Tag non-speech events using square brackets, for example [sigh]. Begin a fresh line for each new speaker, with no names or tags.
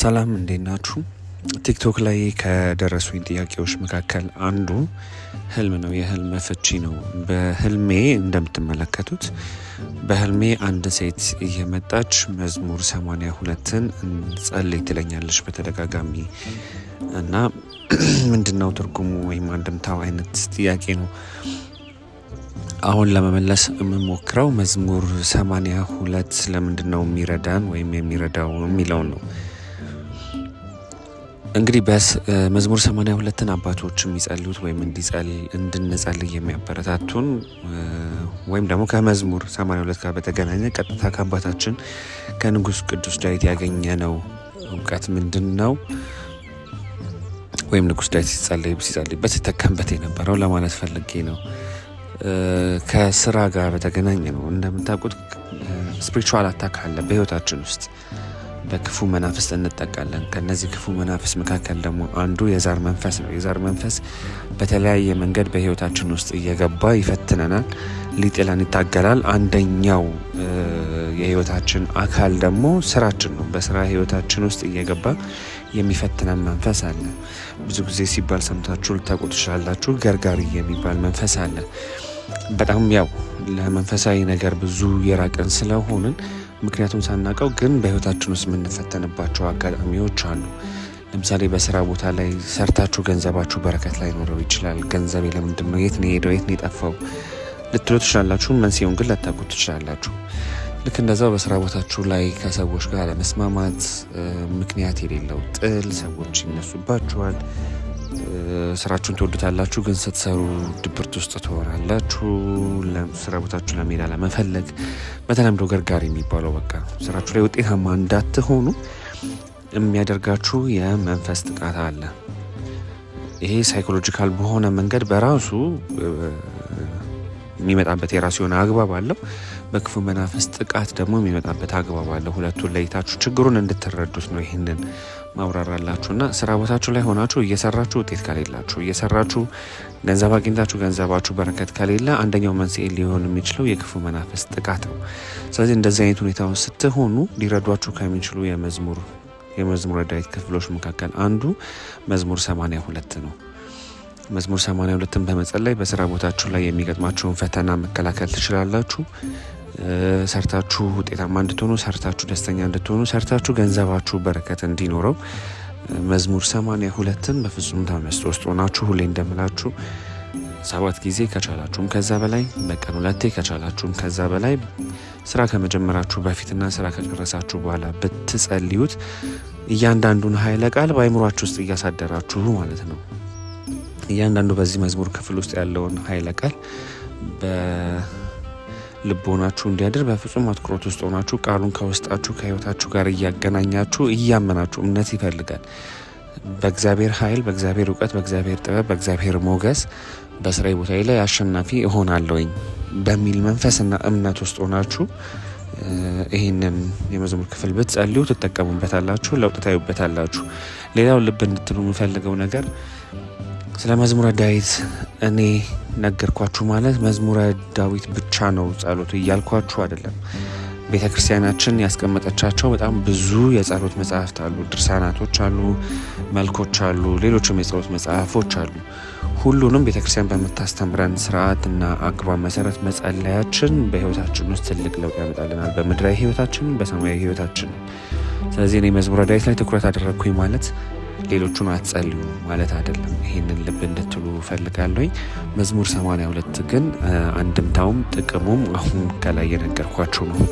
ሰላም እንዴት ናችሁ? ቲክቶክ ላይ ከደረሱኝ ጥያቄዎች መካከል አንዱ ህልም ነው፣ የህልም ፍቺ ነው። በህልሜ እንደምትመለከቱት በህልሜ አንድ ሴት እየመጣች መዝሙር ሰማንያ ሁለትን እንጸልይ ትለኛለች በተደጋጋሚ እና [clears throat] ምንድነው ትርጉሙ ወይም አንድምታው አይነት ጥያቄ ነው። አሁን ለመመለስ የምሞክረው መዝሙር ሰማንያ ሁለት ለምንድን ነው የሚረዳን ወይም የሚረዳው የሚለውን ነው እንግዲህ በስ መዝሙር 82ን አባቶች የሚጸልዩት ወይም እንዲጸል እንድንጸልይ የሚያበረታቱን ወይም ደግሞ ከመዝሙር 82 ጋር በተገናኘ ቀጥታ ከአባታችን ከንጉስ ቅዱስ ዳዊት ያገኘ ነው እውቀት ምንድን ነው ወይም ንጉስ ዳዊት ሲጸልይ ሲጸልይበት ሲጠቀምበት የነበረው ለማለት ፈልጌ ነው። ከስራ ጋር በተገናኘ ነው። እንደምታውቁት ስፕሪቹዋል አታክ አለ በህይወታችን ውስጥ በክፉ መናፍስ እንጠቃለን። ከነዚህ ክፉ መናፍስ መካከል ደግሞ አንዱ የዛር መንፈስ ነው። የዛር መንፈስ በተለያየ መንገድ በህይወታችን ውስጥ እየገባ ይፈትነናል፣ ሊጥለን ይታገላል። አንደኛው የህይወታችን አካል ደግሞ ስራችን ነው። በስራ ህይወታችን ውስጥ እየገባ የሚፈትነን መንፈስ አለ። ብዙ ጊዜ ሲባል ሰምታችሁ ልታውቁ ትችላላችሁ። ገርጋሪ የሚባል መንፈስ አለ። በጣም ያው ለመንፈሳዊ ነገር ብዙ የራቀን ስለሆንን ምክንያቱም ሳናውቀው ግን በህይወታችን ውስጥ የምንፈተንባቸው አጋጣሚዎች አሉ። ለምሳሌ በስራ ቦታ ላይ ሰርታችሁ ገንዘባችሁ በረከት ላይ ኖረው ይችላል። ገንዘቤ ለምንድን ነው የት ነው የሄደው የት ነው የጠፋው ልትሎ ትችላላችሁ። መንስኤውን ግን ላታውቁት ትችላላችሁ። ልክ እንደዛው በስራ ቦታችሁ ላይ ከሰዎች ጋር ለመስማማት ምክንያት የሌለው ጥል፣ ሰዎች ይነሱባችኋል። ስራችሁን ትወዱታላችሁ፣ ግን ስትሰሩ ድብርት ውስጥ ትሆናላችሁ። ስራ ቦታችሁ ለመሄድ አለመፈለግ፣ በተለምዶ ገርጋሪ የሚባለው በቃ ስራችሁ ላይ ውጤታማ እንዳትሆኑ የሚያደርጋችሁ የመንፈስ ጥቃት አለ። ይሄ ሳይኮሎጂካል በሆነ መንገድ በራሱ የሚመጣበት የራሱ የሆነ አግባብ አለው። በክፉ መናፈስ ጥቃት ደግሞ የሚመጣበት አግባብ አለ። ሁለቱን ለይታችሁ ችግሩን እንድትረዱት ነው ይህንን ማብራራላችሁ እና ስራ ቦታችሁ ላይ ሆናችሁ እየሰራችሁ ውጤት ከሌላችሁ እየሰራችሁ ገንዘብ አግኝታችሁ ገንዘባችሁ በረከት ከሌለ አንደኛው መንስኤ ሊሆን የሚችለው የክፉ መናፈስ ጥቃት ነው። ስለዚህ እንደዚህ አይነት ሁኔታውን ስትሆኑ ሊረዷችሁ ከሚችሉ የመዝሙር የመዝሙር ዳዊት ክፍሎች መካከል አንዱ መዝሙር 82 ነው። መዝሙር 82ን በመጸለይ በስራ ቦታችሁ ላይ የሚገጥማችሁን ፈተና መከላከል ትችላላችሁ። ሰርታችሁ ውጤታማ እንድትሆኑ፣ ሰርታችሁ ደስተኛ እንድትሆኑ፣ ሰርታችሁ ገንዘባችሁ በረከት እንዲኖረው መዝሙር ሰማንያ ሁለትን በፍጹም ተመስጦ ውስጥ ሆናችሁ ሁሌ እንደምላችሁ ሰባት ጊዜ ከቻላችሁም ከዛ በላይ በቀን ሁለቴ ከቻላችሁም ከዛ በላይ ስራ ከመጀመራችሁ በፊትና ስራ ከጨረሳችሁ በኋላ ብትጸልዩት እያንዳንዱን ኃይለ ቃል በአይምሯችሁ ውስጥ እያሳደራችሁ ማለት ነው። እያንዳንዱ በዚህ መዝሙር ክፍል ውስጥ ያለውን ኃይለ ቃል ልቦናችሁ እንዲያድር በፍጹም አትኩሮት ውስጥ ሆናችሁ ቃሉን ከውስጣችሁ ከህይወታችሁ ጋር እያገናኛችሁ እያመናችሁ እምነት ይፈልጋል። በእግዚአብሔር ኃይል፣ በእግዚአብሔር እውቀት፣ በእግዚአብሔር ጥበብ፣ በእግዚአብሔር ሞገስ በስራዬ ቦታ ላይ አሸናፊ እሆናለሁኝ በሚል መንፈስና እምነት ውስጥ ሆናችሁ ይህንን የመዝሙር ክፍል ብትጸልዩ ትጠቀሙበታላችሁ፣ ለውጥ ታዩበታላችሁ። ሌላው ልብ እንድትሉ የምፈልገው ነገር ስለ መዝሙረ ዳዊት እኔ ነገርኳችሁ ማለት መዝሙረ ዳዊት ብቻ ነው ጸሎቱ እያልኳችሁ አይደለም። ቤተ ክርስቲያናችን ያስቀመጠቻቸው በጣም ብዙ የጸሎት መጽሐፍት አሉ፣ ድርሳናቶች አሉ፣ መልኮች አሉ፣ ሌሎችም የጸሎት መጽሐፎች አሉ። ሁሉንም ቤተ ክርስቲያን በምታስተምረን ስርዓት እና አግባብ መሰረት መጸለያችን በህይወታችን ውስጥ ትልቅ ለውጥ ያመጣልናል፣ በምድራዊ ህይወታችን፣ በሰማያዊ ህይወታችን። ስለዚህ እኔ መዝሙረ ዳዊት ላይ ትኩረት አደረግኩኝ ማለት ሌሎቹን አትጸልዩ ማለት አይደለም። ይህንን ልብ እንድትሉ እፈልጋለሁኝ። መዝሙር 82 ግን አንድምታውም ጥቅሙም አሁን ከላይ የነገርኳቸው ነው።